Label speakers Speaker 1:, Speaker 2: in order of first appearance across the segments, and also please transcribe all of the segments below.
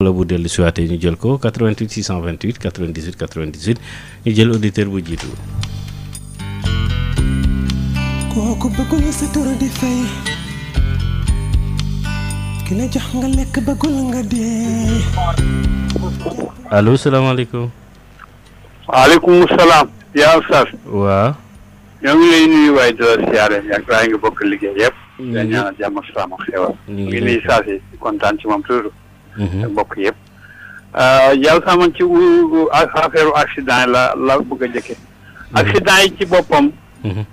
Speaker 1: wala bu dellu siwaatee ñu jël ko 88 628 98 98 ñu jël auditeur bu jiitu.
Speaker 2: kooku bëggul sa tur di fay ki jox nga lekk bëggul nga dee.
Speaker 3: allo
Speaker 1: salaamaaleykum.
Speaker 3: aleykum salaam. yaa Oustaz. waaw. ñoo ngi lay nuyu waaye di la siyaare bokk liggéey yëpp. ñu ngi jàmm salaam ak xewal. ngi lay nuyu saa kontaan ci moom toujours. Mm-hmm. ak mbokk yëpp euh, yàlla sama ci affaire accident yi la la bëgg a jëkke mm-hmm. accident yi ci boppam mm-hmm.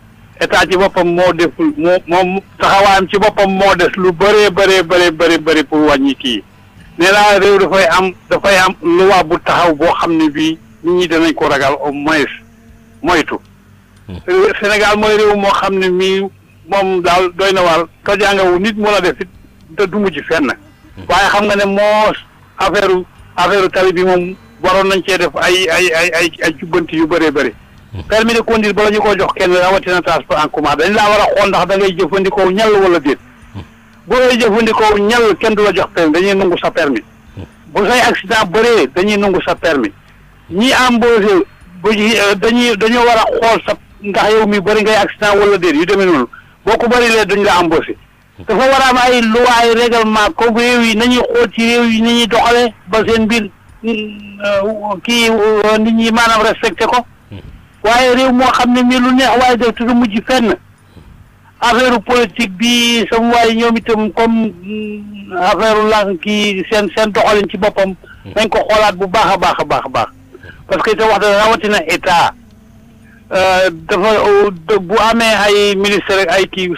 Speaker 3: état ci boppam moo deful moo moom taxawaayam ci boppam moo des lu bëree bëree bëree bëri bëri pour wàññi kii nee naa dafay am dafay am luwaa bu taxaw boo xam ne bii mu ñi danañ ko ragal au moins moytu Sénégal mooy réew moo xam ne mii moom daal doy na waar tojaangawu nit mu la def it te du mujj fenn waaye xam nga ne moo affaire affaire tali bi moom waroon nañ cee def ay ay ay ay ay jubbanti yu bëree bëri. Hmm. permis de conduire bala ñu ko jox kenn rawatina transport en commun dañ laa war a xool ndax dangay ngay jëfandikoo ñal wala déet. Hmm. bu ngay jëfandikoo ñal kenn du la jox permis dañuy nangu sa permis hmm. bu say accident bëree dañuy nangu sa permis ñi embauché bu euh, dañuy dañoo war a xool sa ndax yow mi bëri ngay accident wala déet yu demee noonu boo ko bëri lee duñ la embauché dafa war a am ay loi ay comme réew yi nañu xool ci réew yi ni ñuy doxalee ba seen mbir euh, kii euh, nit ñi maanaam respecté ko waaye réew moo xam ne mii lu neex waaye def te du mujj fenn affaire politique bi sama waaye ñoom itam comme mm, affaire la kii seen seen doxalin ci boppam nañ ko xoolaat bu baax a baax a baax a baax parce que itam wax dëgg rawatina état euh, dafa bu amee ay ministre ay kii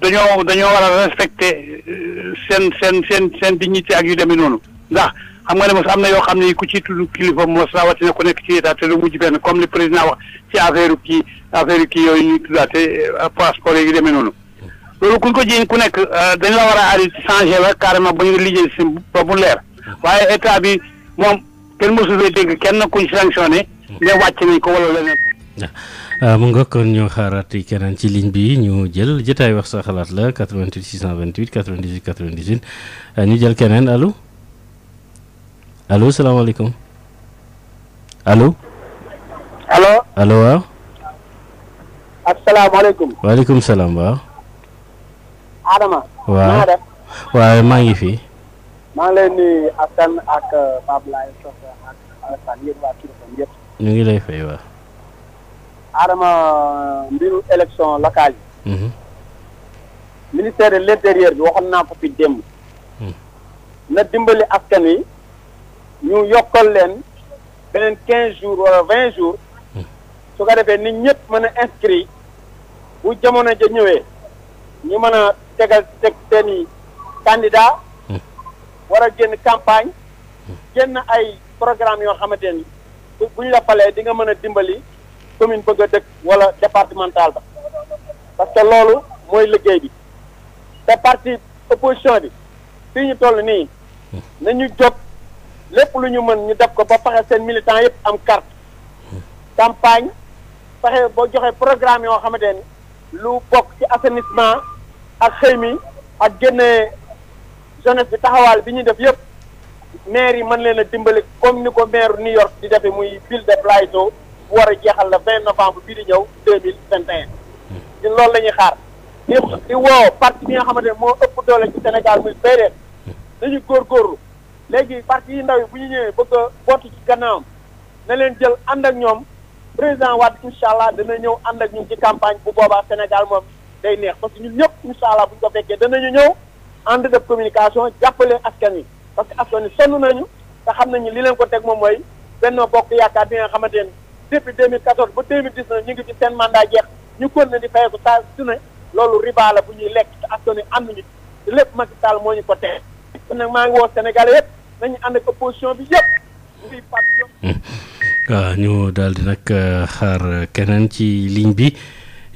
Speaker 3: dañoo dañoo war a respecté euh, seen seen seen seen dignité ak yu demee noonu ndax xam nga ne mos am na yoo xam ne ku ci tudd kilifa mos rawatina ku nekk ci état te lu mujj benn comme le président wax ci affaire ki affaire kii yooyu ñuy tuddaate euh, passeport yi demee noonu. loolu kuñ ko jiiñ ku nekk euh, dañ la war a ari changé la carrément ba ñu liggéey si ba mu leer waaye état bi moom kenn mosu fee dégg kenn kuñ sanctionné ne wàcc nañ ko wala leneen.
Speaker 1: waaw euh, mu nga kon ñu xaaraat keneen ci ligne bi ñu jël jotaay wax sa xalaat la 88 628 98 98 ñu jël keneen allo allo salaamaaleykum allo. allo allo waaw.
Speaker 3: asalaamaaleykum.
Speaker 1: waaleykum salaam waaw. Adama. waaw waaye maa ngi fi.
Speaker 3: maa ngi leen di euh, waa Kër Saalum yëpp.
Speaker 1: ñu ngi lay fay waaw.
Speaker 3: Adama mbiru élection locale yi. Mhm. ministère de l' bi waxoon naa ko fi démb. Mhm. na dimbali askan wi ñu yokkal leen beneen quinze jours wala vingt jours. Mhm. su ko defee nit ñëpp mën a inscrit bu jamono ja ñëwee ñu mën a tegal teg seen i candidat génn campagne génn ay programme yoo xamante ni bu ñu la falee di nga mën a dimbali commune bëgg a dëkk wala départemental ba parce que loolu mooy liggéey bi te parti opposition bi fii ñu toll nii nañu jóg lépp lu ñu mën ñu def ko ba fexe seen militant yëpp am carte campagne fexe boo joxee programme yoo xamante ni lu bokk ci assainissement ak xëy mi ak génne jeunesse bi taxawaal bi ñuy def yëpp maire yi mën leen a dimbali comme ni ko maire New York di defee muy ville de Plateau war a jeexal la 20 novembre bii di ñëw 2021. ñun loolu la ñuy xaar. di di woo parti bi nga xamante ne moo ëpp doole ci Sénégal muy PDS. nañu góorgóorlu. léegi parti yi ndaw yi bu ñu ñëwee bëgg a bootu ci gannaawam na leen jël ànd ak ñoom président wat incha allah dana ñëw ànd ak ñu ci campagne bu boobaa Sénégal moom day neex parce que ñun ñëpp incha allah bu ñu ko fekkee danañu ñëw ànd def communication jàppale askan yi parce que askan wi sonn nañu xam nañu li leen ko teg moom mooy benn bokk yaakaar bi nga xamante ne depuis 2014 ba 2019 ñu ngi ci seen mandat jeex ñu kon na di fayeeku su ne loolu riba bu ñuy lekk te askan wi ànd nit lépp Macky Sall moo ñu ko tee maa ngi woo Sénégalais yëpp nañu ànd ak opposition bi yëpp nguy
Speaker 1: hmm. ah, ñu daal di nag euh, xaar keneen ci ligne bi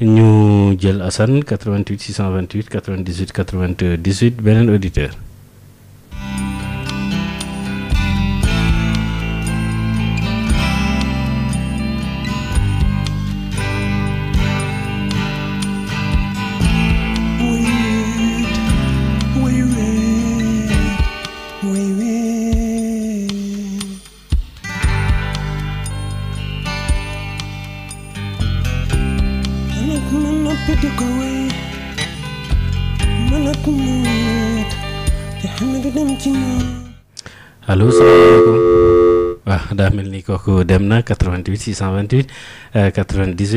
Speaker 1: ñu jël Assane 88 628 98 98 beneen auditeur
Speaker 2: allo
Speaker 1: salaamaaleykum waaw daa mel ni kooku dem na 88 628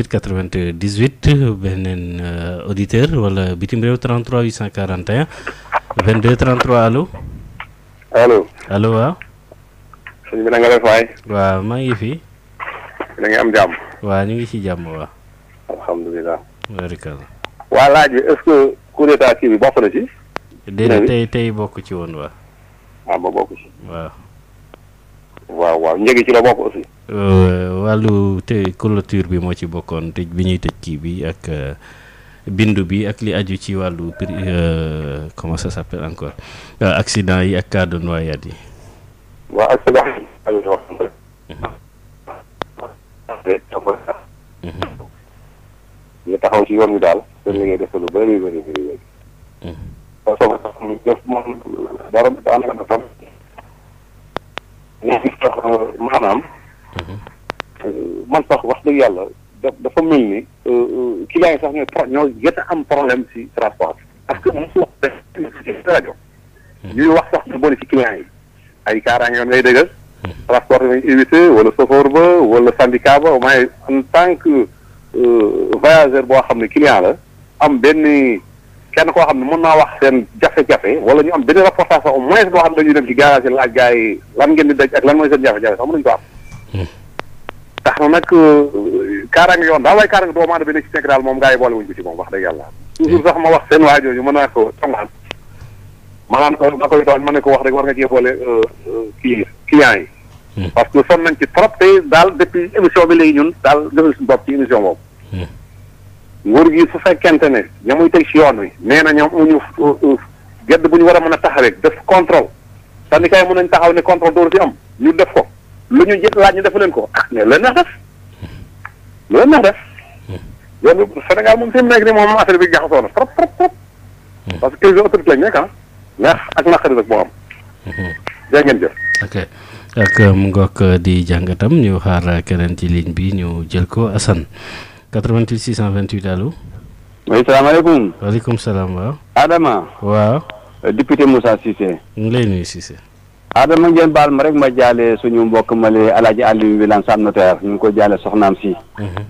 Speaker 1: 98 98 beneen euh, auditeur wala bitim réew 33 841 22 33 allo. allo allo waaw.
Speaker 3: sëñ bi na nga def waay.
Speaker 1: waaw maa ngi fi. da nga am jàmm. waaw ñu
Speaker 3: ngi ci jàmm waaw. alhamdulilah. barikalla. waa laaj bi est-ce que. coup d'état kii bi bokk na ci.
Speaker 1: tey bokk ci woon waaw. waaw ah, ba bokk ci. waaw. waaw waaw njëgi ci la bokk aussi. Euh, wàllu te clôture bi moo ci bokkoon tëj bi ñuy tëj kii bi ak euh, bindu bi ak li aju ci wàllu prix euh, comment ça s'appelle encore accident yi ak cas de noyade yi. yi.
Speaker 3: Mhm. te li ngay def lu bëri bëri bëri bëri. parce que sax mu def moom dara daanaka tam. ñu ngi tax maanaam. man sax wax dëgg yàlla dafa mel ni. Eh, eh, client yi sax ñooy pro ñoo gën a am problème si transport parce que mosu wax dëgg rajo. Hmm. ñuy wax sax ñu bon ci client yi. ay kaaraange yoon ngay dëggal. Hmm. transport bi nañu éviter wala chauffeur ba wala syndicat ba au moins en tant que eh, voyageur boo xam ne client la. am benn kenn koo xam ne mën naa wax seen jafe-jafe wala ñu am benn reportage sax au moins boo xam ne dañuy dem ci garage yi laaj gars yi lan ngeen di daj ak lan mooy seen jafe-jafe sax mënuñu ko am. Hmm. tax na nag euh, kaaraange yoon daal waaye kaaraange doomu aadama bi ne ci nekk moom gars yi boole wuñ ko ci hmm. ma wax seen waa jooju mën naa ko tàmbaat. maanaam ko ma koy tooñ ma ne ko wax rek war nga cee boole euh, euh, kii client yi. Hmm. parce que son nañ ci trop te daal deppi émission bi léegi ñun daal defal suñu bopp ci émission boobu. nguur gi su fekkente ne ña muy teg ci yoon wi nee na ñoom amuñu gedd bu ñu war a mën a taxawee def contrôle syndicat yi mën nañ taxaw ne contrôle dooru ci am ñu def ko lu ñu jël laaj ñu def leen ko ah mais leen nax def leen nax def moom fi mu moom affaire bi jaxasoo na trop trop trop parce que crise autorité lañ nekk ah. ak naqari rek moo am jaa ngeen jëf ok
Speaker 1: ak di jàngatam ñu xaar keneen ci ligne bi ñu jël ko Assane 88 628 allo.
Speaker 3: oui salaamaaleykum.
Speaker 1: waaleykum salaam waaw.
Speaker 3: Adama. waaw. Euh, député Moussa Cissé. ñu ngi lay nuyu Cissé. Adama ngeen baal ma rek ma jaale suñu mbokk male Alaaji Aliou Wilane Sam Notaire ñu ngi ko jaalee soxnaam si. Mhm.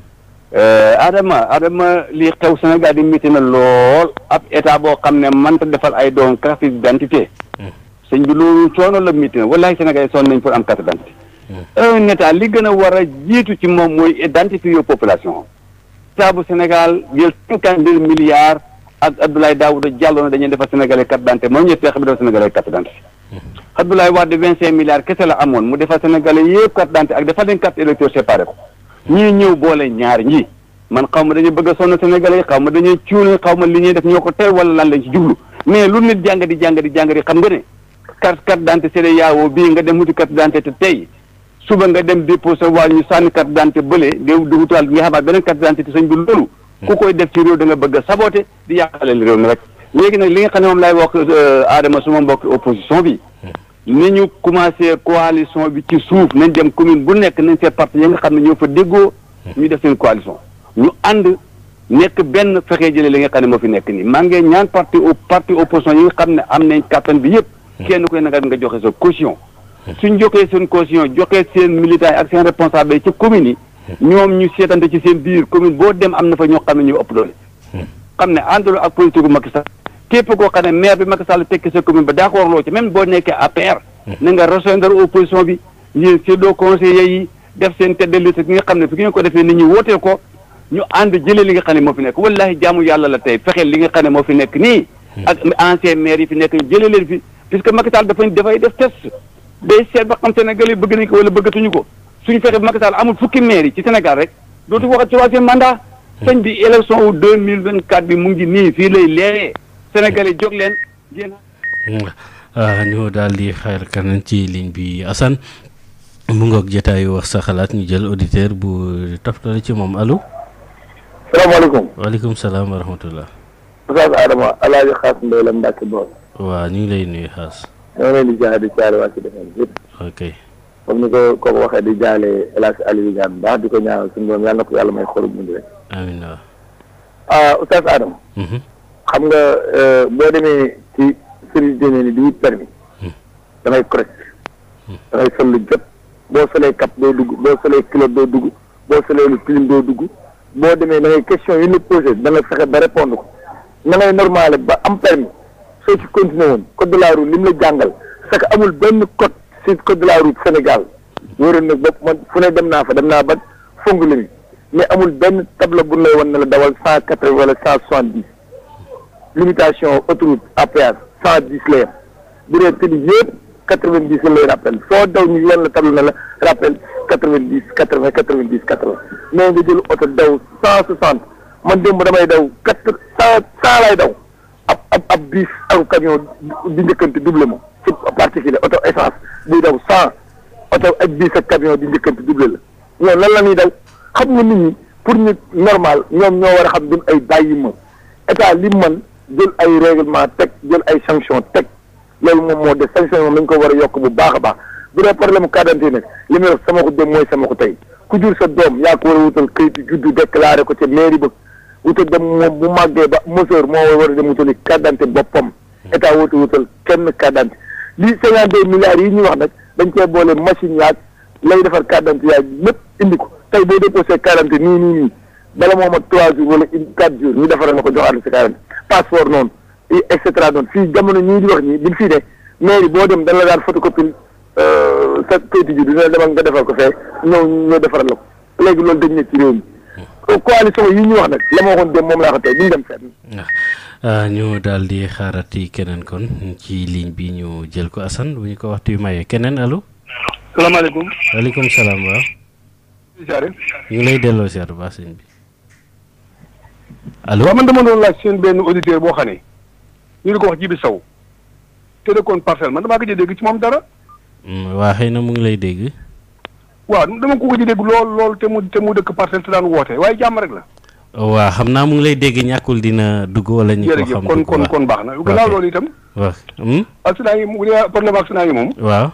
Speaker 3: Euh, Adama Adama lii xew Sénégal di métti na lool ab état boo xam ne mënta defal ay doom carte d'identité. Mhm. sëñ bi loolu coono la métti na walaay Sénégal sonn nañ pour am carte d'identité. Mhm. un li gën a war a jiitu ci moom mooy identifier population. état bu Sénégal jël cinquante deux milliards ak Abdoulaye Daouda Diallo ne dañuy defar sénégalais carte d'identité moom ñëpp xam ne dafa sénégalais carte d'identité mhm. Abdoulaye Wade vingt cinq milliards kese la amoon mu defar sénégalais yëpp carte d'identité ak dafa leen carte électeur séparé ko ñii ñëw boole ñaar ñii man xaw ma dañu bëgg a sonn sénégalais xaw ma dañuy cuune xaw ma li ñuy def ñoo ko teel wala lan lañ ci jublu mais lu nit jàng di jàng di jàng di xam nga ne carte carte d'identité bii nga dem wuti carte d'identité tey suba nga dem déposé waa ñu sànni kat d'identité bële déw di wutaal nga xamaat beneen carte d'identité sëñ bi loolu ku koy def ci réew da bëgg a saboté di yàqaleel réew mi rek léegi nag li nga xam ne moom laay wax euh, Adama suma mbokk opposition bi ni ñu commencé coalition bi ci suuf nañ dem commune bu nekk nañ seet parti yi nga xam ne ñoo fa déggoo ñu def seen coalition ñu ànd nekk benn fexee jële li nga xam ne moo fi nekk nii maa ngi ñaan parti parti opposition yi xam ne am nañ kattan bi yëpp hmm. kenn koy na nga joxe sa caution suñ joxee seen caution joxee seen militants yi ak seen responsable yi ci commune yi ñoom ñu seetante ci seen biir commune boo dem am na fa ñoo xam ne ñu ëpp doole xam ne àndaloo ak politique bu Macky Sall képp koo xam ne maire bi Macky Sall tekki sa commune ba d'accord loo ci même boo nekkee APR na nga rejoindre bi yéen seddoo yi def seen tête de nga xam ne fi ngeen ko defee ni ñi wootee ko ñu ànd jëlee li nga xam ne moo fi nekk wallahi jaamu yàlla la tey fexeel li nga xam ne moo fi nekk nii ak ancien maire yi fi nekk ñu jëlee leen fi puisque Macky Sall dafay def test day seet ba xam Sénégal yi bëgg nañ ko wala bëggatuñu ko suñu fexe Macky Sall amul fukki maire yi ci Sénégal rek dootu waxat troisième mandat hmm. sëñ bi élection wu deux mille vingt quatre bi mu ngi nii fii lay leeree Sénégal yi jóg leen génn
Speaker 1: ah, ñu daal di xayal ci ligne bi Assane mu ngoog jotaayu wax sa xalaat ñu jël auditeur bu toftale ci moom allo. salaamaaleykum waaleykum salaam wa rahmatullah. waaw ñu ngi lay nuyu Xaas.
Speaker 3: ñoo leen di jaale di jaale waa ci defee yëpp ok comme ni ko kooku waxee di jaale El Hadj Aliou Diagne baax di ko ñaanal suñu borom yàlla na ko yàlla may xolu muñ rek amiin waaw ah Adam mhm. xam nga euh, boo demee ci service dene ni di permis mhm. damay correct mhm. damay sol lu jot boo solee cap doo dugg boo solee kilo doo dugg boo solee lu clim doo dugg boo demee da question yu ñu posé da nga fexe ba répondre ko na ngay ba am permis soo ci continué woon code de la route li mu la jàngal parce que amul benn code ci code de la route Sénégal wóoroon nag bopp man fu dem naa fa dem naa ba fonk la mais amul benn tableau bu lay wan na la dawal cent quatre wala cent soixante dix limitation autoroute à péage cent dix lay am bu dee tëddi yëpp quatre vingt dix lay rappel foo daw ñu wan la tableau ne la rappel quatre vingt quatre vingt quatre vingt quatre vingt mais nga jël oto man démb damay daw quatre cent cent lay daw. ab ab ab dix aw camion di njëkkante duble ma ci particulier oto essence buy daw cent oto ak dix ak camion di njëkkante duble la ñoom lan la ñuy daw xam nga nit ñi pour ñu normal ñoom ñoo war a xam duñ ay bàyyi ma état li man jël ay règlement teg jël ay sanction teg loolu moom moo def sanction moom lañ ko war a yokk bu baax a baax bu dee problème carte d'identité nag li muy wax sama ko dem mooy sama ko tey ku jur sa doom yaa ko war a wutal këyit juddu déclaré ko ca mairie ba wuta dem moom bu màggee ba mesure moo war a dem wutali carte d'identité boppam hmm. état wuta wutal kenn carte d'identité lii cinquante deux milliards yi ñuy wax nag dañ cee boole machine yaag lay defar carte d'identité yaag lépp indi ko tey boo déposé carte d'identité nii nii nii bala moo a trois jours wala quatre jours ñu defaral na ko joxaat la sa carte d'identité passeport noonu et cetera noonu fii jamono ñii di wax ñii biñ fii ne mairie boo dem dana la daan photocopie euh, sa kayitu ji dina la demal nga defar ko fee ñëw ñoo defaral la ko léegi loolu dañ ne ci réew coalition yi ñu wax nag la ma waxoon dem moom laa ko tey ñu dem fenn.
Speaker 1: Ah, ñu daal di xaarati keneen kon ci ligne bi ñu jël ko Assane bu ñu ko waxtu yu mayee keneen allo. salaamaaleykum. waaleykum salaam waaw. ñu lay delloo si bu baax man
Speaker 3: dama doon laaj seen benn auditeur boo xam ne ñu ngi ko wax Jibi Sow te dëkkoon parcelle man damaa ko jël dégg ci moom dara.
Speaker 1: Mm, waa xëy na mu ngi lay dégg.
Speaker 3: waaw dama ko gëj dégg lool lool te mu te mu dëkk parcelle te daan woote waaye jàmm rek la.
Speaker 1: waaw xam naa mu ngi lay dégg ñàkkul dina dugg wala ñu ko xam
Speaker 3: kon kon baax na gannaaw loolu itam waaw hmm? accident yi bu dee yi moom waaw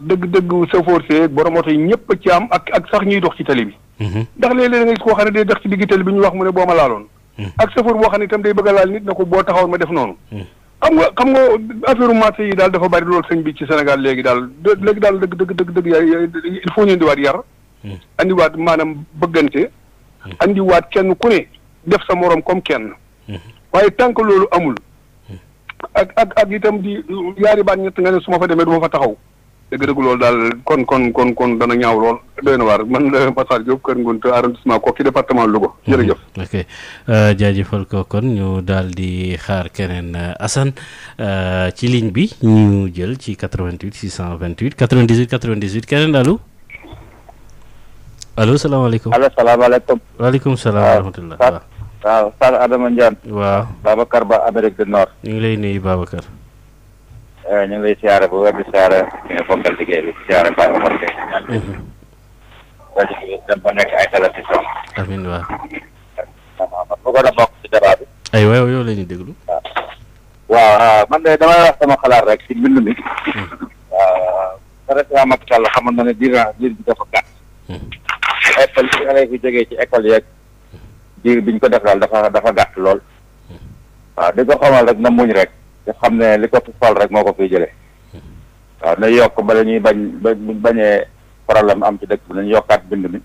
Speaker 3: dëgg dëgg chauffeur si borom oto yi ñëpp ci am ak ak sax ñuy dox ci tali bi mhm. ndax léeg-léeg nga gis koo xam ne day dox ci digg tali bi ñu wax mu ne boo ma laaloon mhm. ak chauffeur boo xam ne itam day bëgg a laal nit na ko boo taxawoon ma def noonu mhm. xam nga xam nga affaire marché yi daal dafa bari lool sëñ bi ci Sénégal léegi daal léegi daal dëgg dëgg dëgg dëgg il faut ñu indiwaat yar. Hmm. indiwaat maanaam bëggante. Hmm. indiwaat kenn ku ne def sa moroom comme kenn. Hmm. waaye tant loolu amul. ak ak ak itam di yaari baat ñett nga ne su ma fa demee du fa taxaw. dëgg dëgg loolu daal kon kon kon kon dana ñaaw lool doy na waar man la Massar Diop Kër Ngount arrondissement Koki département Louga mhm. jërëjëf.
Speaker 1: ok euh, jaajëfal ko kon ñu daal di xaar keneen euh, Assane euh, ci ligne bi ñu jël ci 88 628 98 98 keneen allo allo salaamaaleykum. allo
Speaker 3: salaamaaleykum.
Speaker 1: waaleykum salaam wa rahmatulah.
Speaker 3: waaw Sall Adama Ndiane. waaw Babacar Ba Amérique du Nord. ñu
Speaker 1: ngi lay nuyu Babacar.
Speaker 3: Eh, ñu ngi lay siyaare bu wér di siyaare ñu ngi bokkal liggéey bi siyaare Baye Omar Gueye. bi dem ba nekk ay télévision. amiin waaw. bëggoon a bokk ci débat bi.
Speaker 1: ay waaw yow la ñuy déglu.
Speaker 3: waaw ah, man de damay wax ma xalaat rek ci mbind mi. Hmm. waaw président Macky Sall xamoon na ne diir diir bi dafa hmm. yi élèves yi jógee ci école yeeg diir biñ ko def daal dafa dafa gàtt lool. Hmm. waaw di ko xamal rek na muñ rek. xam ne li ko fi fal rek moo ko fiy jëlee waaw na yokk ba la ñuy bañ ba bañee problème am ci dëkk bi nañu yokkaat bind mi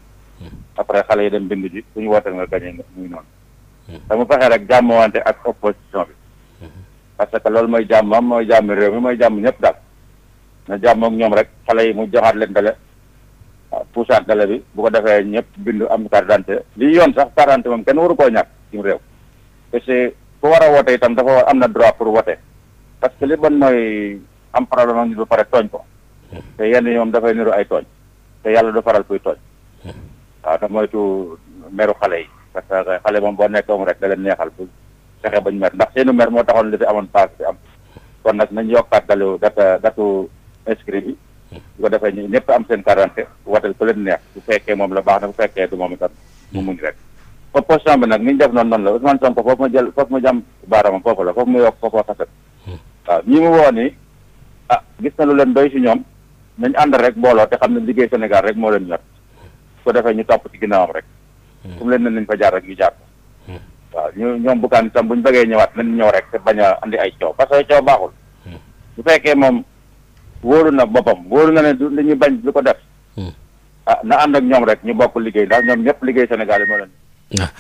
Speaker 3: après xale yi dem bind ji suñu wootee nga gañee nga muy noonu te mu fexee rek jàmmwante ak opposition bi parce que loolu mooy jàmm am mooy jàmm réew mi mooy jàmm ñëpp daal na jàmm ñoom rek xale yi mu joxaat leen dale waaw puusaat dale bi bu ko defee ñëpp bind am carte d'identité lii yoon sax carte moom kenn waru koo ñàkk ci réew parce war a woote itam am na droit pour parce que li bon mooy am problème ak nit ba pare tooñ ko te yenn ñoom dafay niru ay tooñ te yàlla du faral kuy tooñ waaw te moytu meru xale yi parce que xale moom boo nekkoom rek da leen neexal bu fexe bañ mer ndax seenu mer moo taxoon li fi amoon paas bi am kon nag nañ yokkaat dalu data datu inscrit bi bu ko defee ñu ñëpp am seen quarante watal ku leen neex bu fekkee moom la baax na bu fekkee du moom itam mu muñ rek opposition bi nag ni ñu def noonu noonu la Ousmane Sonko foofu ma jël foofu ma jàm baaraamam foofu la foofu mu yokk foofu waaw ñi mu woo ni ah gis na lu leen doy si ñoom nañ ànd rek booloo te xam ne liggéey senegal rek moo leen ñor su ko defee ñu topp ci ginnaawam rek fu mu leen nañ fa jaar rek ñu jaar ko waaw ñu ñoom bukkaan bu ñu bëggee ñëwaat nañ ñëw rek bañ a andi ay coow parce que coow baaxul bu fekkee moom wóolu na boppam wóolu na ne du li bañ du ko def hmm. ah na ànd ak ñoom rek ñu bokk liggéey ndax ñoom ñëpp liggéey Sénégal yi moo leen
Speaker 1: ah.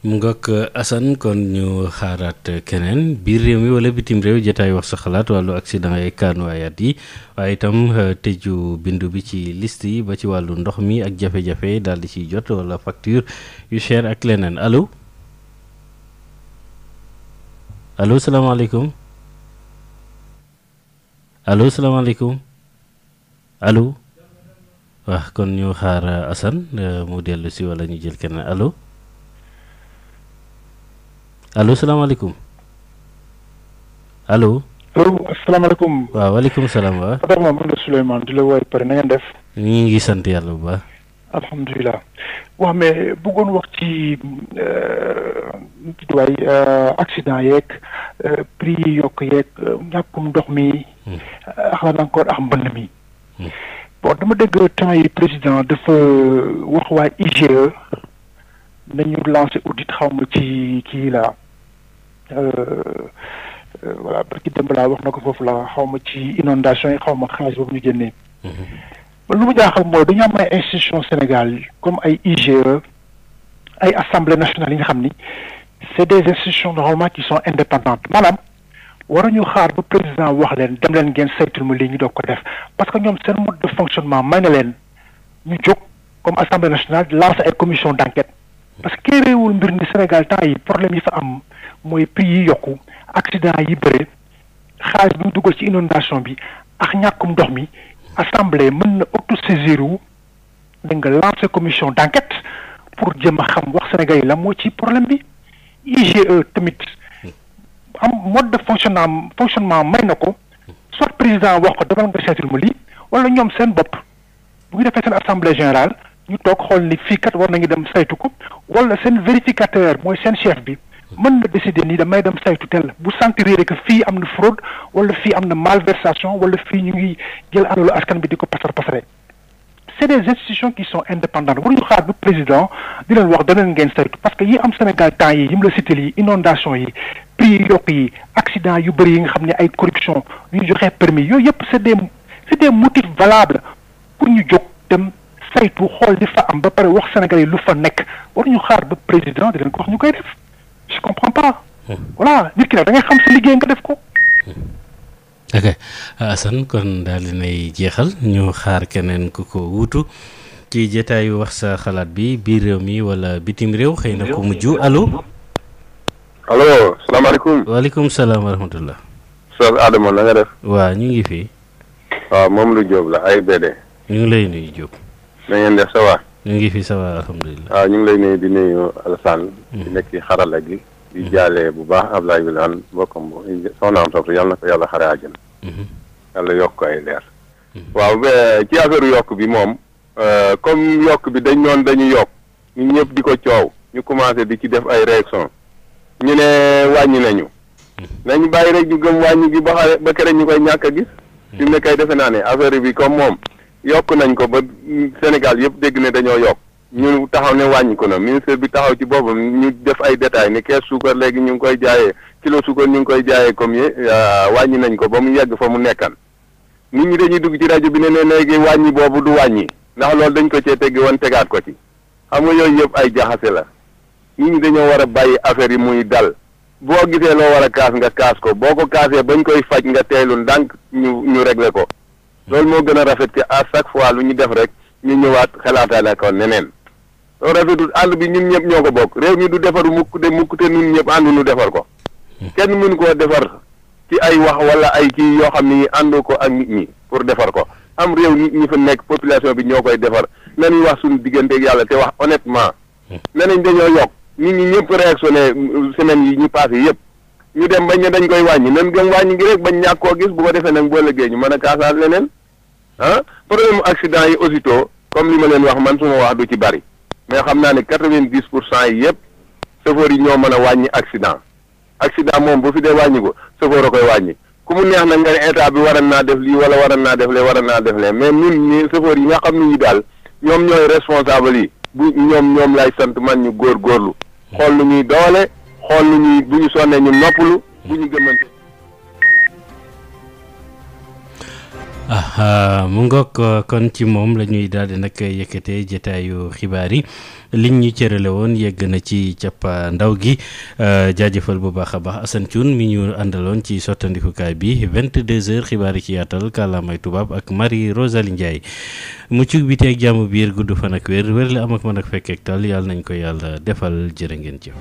Speaker 1: mu ngokk euh, Assane kon ñu xaaraat euh, keneen biir réew mi walla bitim réew jotaay wax sa xalaat wàllu accident yi kaanuwaayaat yi waaye itam euh, tëju bindu bi ci list yi ba ci wàllu ndox mi ak jafe-jafe daal di ciy jot wala facture yu cher ak leneen alo alo salaamaaleykum allo salaamaaleykum allo. waaw kon ñu xaar Assane mu dellu si wala ñu jël keneen alo allo salaamaaleykum allo. allo salaamaaleykum. waaw waaleykum salaam waaw. Fatar moom man la Souleymane di la woowee pare na ngeen def. ñu ngi sant yàlla bu baax.
Speaker 2: alhamdulilah waaw mais bëggoon wax ci euh, waay euh, accident yeeg euh, prix yi yokk yeeg ñàkkum ndox mi. Hmm. xalaat encore ak mbënd mi. Hmm. bon dama dégg temps yi président dafa wax waa IGE. nañu lancé audit xaw ma ci kii la euh, euh, voilà barki démb laa wax na ko foofu la xaw ma ci inondation yi xaw ma xaalis boobu ñu génnee. Mhm. lu mu jaaxal mooy dañu am ay institution Sénégal comme ay IGE ay assemblée nationale yi nga xam ni c'est des institutions normalement qui sont indépendantes maanaam ñu xaar ba président wax leen dem leen ngeen saytul mu lii ñu doo ko def parce que ñoom seen mode de fonctionnement may na leen ñu jóg comme assemblée nationale lancer ay commission d'enquête parce que kii réewul mbir mi Sénégal temps yi problème yi fa am mooy prix yi yokku accident yi bëre xaalis bi mu dugal ci inondation bi ak ñàkkum ndox mi assemblée mën na autosaisir wu da nga lancer commission d' enquête pour jëm a xam wax Sénégal yi la moo ci problème bi IGE tamit am mode de fonctionnement fonctionnement may na ko soit président wax ko demal nga seetul ma lii wala ñoom seen bopp bu ñu defee seen assemblée général ñu toog xool ni fii kat war nañu dem saytu ko wala seen vérificateur mooy seen chef bi mën na décider ni damay dem saytu tel bu sentir que fii am na fraude wala fii am na malversation wala fii ñu ngi jël alalu askan bi di ko pasar pasare c'est des institutions qui sont indépendantes waruñu xaar bu président di leen wax danañ ngeen saytu parce que yi am Sénégal temps yi yi mu la cité yi inondation yi prix yu yokk yi accident yu bëri yi nga xam ne ay corruption ñu joxee permis yooyu yëpp c'est des c'est des motifs valables saytu xool li fa am ba pare wax Sénégalais lu fa nekk waruñu xaar ba président di leen ko wax ñu koy def je comprends hmm. xam sa liggéey nga def ko. Hmm.
Speaker 1: ok Assane kon daal dinay jeexal ñu xaar keneen ku ko wuutu ci jotaayu wax sa xalaat bi biir réew mi wala bitim réew xëy na ko mujj allo. allo salaamaaleykum. waaleykum salaam
Speaker 3: wa ñu ngi fii waaw moom lu Diop la AIBD.
Speaker 1: ñu ngi lay nuyu Diop.
Speaker 3: na ngeen def ça va. ñu ngi fi ça va waaw ah, ñu ngi lay nuyu di nuyu Alassane. Mm-hmm. di nekk ci xarala gi. di mm-hmm. jaale bu baax Abdoulaye Wilane mbokkam soxnaam soppi yàlla na ko yàlla xare àjjana. Mm-hmm. yàlla yokk ko ay leer. waaw ci affaire yokk bi moom euh, comme yokk bi dañ noonu dañu yokk ñun ñëpp di ko coow ñu commencé di ci def ay réaction ñu ne wàññi nañu. nañu bàyyi rek ñu gëm wàññi gi ba xale ba kere ñu koy ñàkk a gis. fi mu ne defe naa ne affaire bi comme moom. yokk nañ ko ba Sénégal yëpp dégg ne dañoo yokk ñu taxaw ne ku na ministère bi taxaw ci boppam ñu def ay détails ne kees suukar léegi ñu ngi koy jaayee kilo suukar ñu ngi koy jaayee comme yi euh, wàññi nañ ko ba mu yegg fa mu nekkan nit ñi dañuy dugg ci rajo bi ne ne léegi wàññi boobu du wàññi ndax loolu dañ ko cee tegg woon tegaat ko ci xam nga yooyu yëpp ay jaxase la nit ñi dañoo war a bàyyi affaire yi muy dal boo gisee loo war a kaas nga kaas ko boo ko kaasee bañ koy faj nga teelul ndànk ñu ñu régler ko loolu moo gën a rafet que à chaque fois lu ñu def rek ñu ñëwaat xalaataale ko neneen loolu rafetul àll bi ñun ñëpp ñoo ko bokk réew mi du defar mukk de mukk te ñun ñëpp àndu nu defar ko kenn mënu koo defar ci ay wax wala ay kii yoo xam ni àndoo ko ak nit ñi pour defar ko am réew nit ñi fu nekk population bi ñoo koy defar nañuy wax suñu digganteeg yàlla te wax honnêtement ne nañ dañoo yokk nit ñi ñëpp réactionné semaine yi ñu passé yëpp ñu dem bañ ne dañ koy wàññi nan gëm wàññi ngi rek bañ ñàkk koo gis bu ko defee nag boo lëggee ñu mën a kaasaat leneen ah problème accident yi aussitôt comme li ma leen wax man su ma wax du ci bari mais xam naa ne quatre-vingt-dix pour cent yi yëpp chauffeur yi ñoo mën a wàññi accident accident moom bu fi dee wàññi ko chauffeur a koy wàññi ku mu neex na nga ne état bi waran naa def lii wala waran naa def lee waran naa def lee mais ñun ñii chauffeur yi nga xam ne ñu daal ñoom ñooy responsable yi bu ñoom ñoom lay sant man ñu góor góorlu xool lu ñuy doole xool nu ñuy bu ñu sonnee ñu noppalu bu ñu gëmante
Speaker 1: ah mu ngoog kon ci moom la ñuy daal di nag yëkkatee jotaayu xibaar yi liñ ñu cërale woon yegg na ci cappa ndaw gi äh, jaajëfal bu baax a baax Assane Thioune mi ñu àndaloon ci sottandikukaay bi 22h xibaar yi ci yaatal kàllaamay tubaab ak Marie Rosalie Ndiaye muccug bi teeg jàmm biir gudd fan ak wér wér am ak mën ak fekkeek tal yàlla nañ ko yàlla defal jërë ngeen jëf.